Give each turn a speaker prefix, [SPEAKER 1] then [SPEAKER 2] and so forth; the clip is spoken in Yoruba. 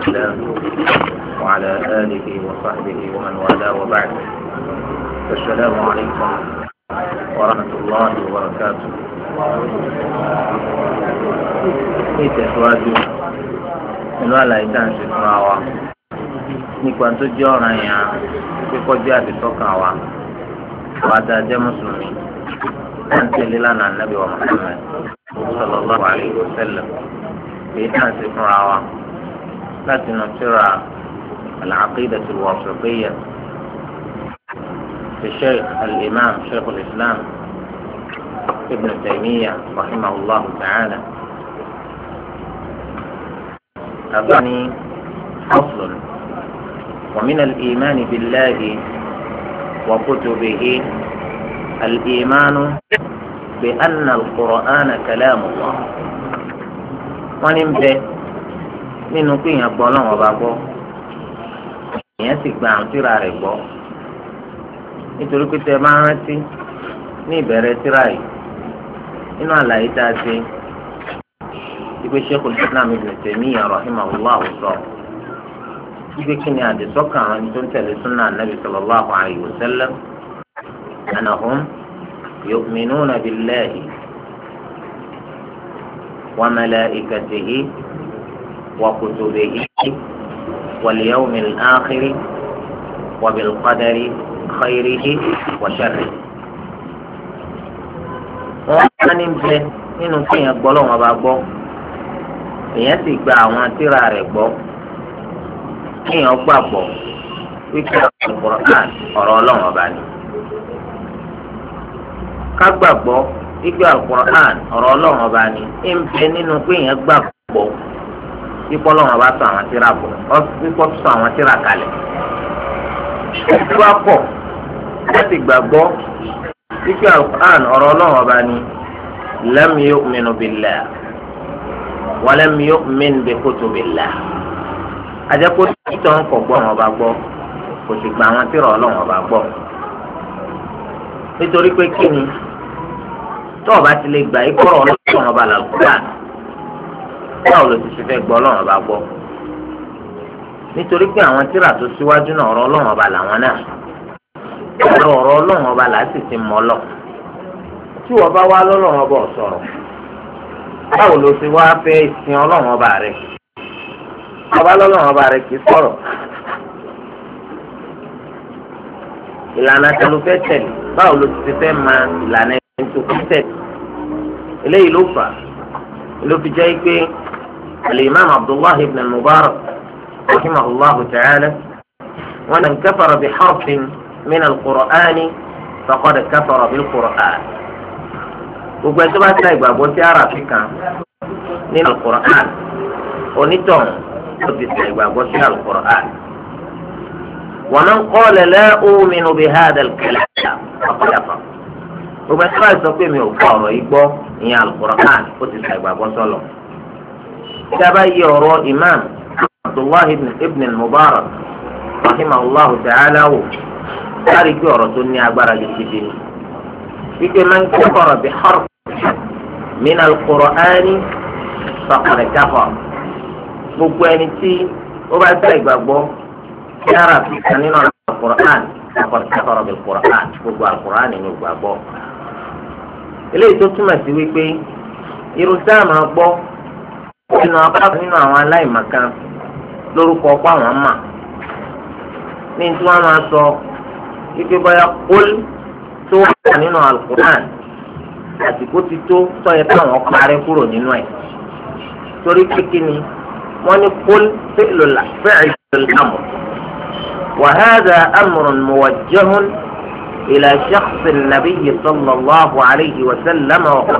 [SPEAKER 1] والاه وعلى آله وصحبه ومن والاه وبعد السلام عليكم ورحمة الله وبركاته ìtẹ̀síwájú pẹ̀lú àlàyé tá à ń ṣe fúnra wa nípa tó jẹ́ ọ̀ràn yẹn kíkọ́ jẹ́ àdìsọ́kàn wa wa tá a jẹ́ mùsùlùmí tá à tẹ̀lé lánàá nàbí wa Muhammad sallallahu alayhi wa sallam èyí tá à ń ṣe fúnra wa. لكن nà العقيدة الواسطية للشيخ الإمام شيخ الإسلام ابن تيمية رحمه الله تعالى أبني أصل ومن الإيمان بالله وكتبه الإيمان بأن القرآن كلام الله ونمت nínú pé èèyàn gbọ́ ọlọ́run ọba gbọ́ èèyàn sì gba àwọn tíra rẹ̀ gbọ́ nítorí pé tẹ máa rántí ní ìbẹ̀rẹ̀ tíra yìí nínú àlàyé tá a ṣe ìgbé Sheikhul Islam Ibn Taymiyyah rahimahullah àwùjọ ìgbé kí ni àdìsọ́kàn àwọn tó ń tẹ̀lé súnà nàbì sallallahu alayhi wa sallam anahum yu'minuna billahi wa malaikatihi. وكتبه واليوم الآخر وبالقدر خيره وشره wọ́n ní bẹ nínú kéèyàn gbọ́ lọ́wọ́ bá gbọ́ èèyàn sì gba àwọn tíra rẹ̀ gbọ́ kéèyàn gbàgbọ́ wípé Al-Qur'an ọ̀rọ̀ ọlọ́wọ́ bá ní. ká gbàgbọ́ wípé ọ̀rọ̀ ọlọ́wọ́ bá ní ń bẹ nínú kéèyàn gbàgbọ́ ikọ́ lọ́wọ́ bá sọ àwọn tíra bọ̀ ikọ́ sọ àwọn tíra kalẹ̀. ìtura pọ̀ láti gbàgbọ́ ike alukur'an ọ̀rọ̀ ọlọ́wọ́ bá ní lam yu'minu billah wa lam yu'min bi kutubillah. àjẹkó títọ́ ń kọ̀ gbọ́ wọn bá gbọ́ kò sì gba àwọn tíra ọlọ́wọ́ bá gbọ́. nítorí pé kí ni tọ́ọ̀ bá ti lè gbà ikọ́ ọlọ́wọ́ bá làlùkùrán báwo ló ti ṣe fẹ́ gbọ́ ọlọ́run ọba gbọ́ nítorí pé àwọn tíra tó síwájú náà ọ̀rọ̀ ọlọ́run ọba làwọn náà ọ̀rọ̀ ọ̀rọ̀ ọlọ́run ọba là á sì ti mọ́ lọ tí wọ́n bá wá lọ́lọ́run ọba ọ̀sọ̀rọ̀ báwo ló ti wá fẹ́ sin ọlọ́run ọba rẹ̀ ọba lọ́lọ́run ọba rẹ̀ kì í sọ̀rọ̀ ìlànà tẹlu fẹ́ báwo ló ti fẹ́ máa ìlànà ẹni tó fẹ́ eléyìí ló fà ló fi jẹ́ pé. الإمام عبد الله بن المبارك رحمه الله تعالى ومن كفر بحرف من القرآن فقد كفر بالقرآن وقلت ما تايب أبو تيارا فيك من القرآن ونتون قلت القرآن ومن قال لا أؤمن بهذا الكلام فقد كفر وبس ما يسوقي من القرآن يبو يا القرآن قلت تايب أبو sábà yẹ ọ̀rọ̀ imam abdullahi ibn mubarak rahimahullahu ta'ala wò láàrin pé ọ̀rọ̀ tó ní agbára gidigidi ni wípé máa ń kẹ́kọ̀ọ́ bí harf min al-Qur'ani faqad kafara gbogbo ẹni tí ó bá gba ìgbàgbọ́ yára kan nínú al-Qur'an faqad kafara bil Qur'an gbogbo al-Qur'an nínú ìgbàgbọ́ eléyìí tó túmọ̀ sí wípé irun tá a máa gbọ́ nínú abáàbò nínú àwọn aláìmọ̀kan lórúkọ ọ̀pọ̀ àwọn mà ní tí wọ́n máa sọ wípé báyà kól tó wà nínú alukur'an àsìkò ti tó sọyẹ káwọn parẹ́ kúrò nínú ẹ̀ torí kékeré ni wọ́n ní kól fẹ́ẹ̀lù làmù wàhálà amúrùn mọ̀wájẹ́hún. إلى شخص النبي صلى الله عليه وسلم وقد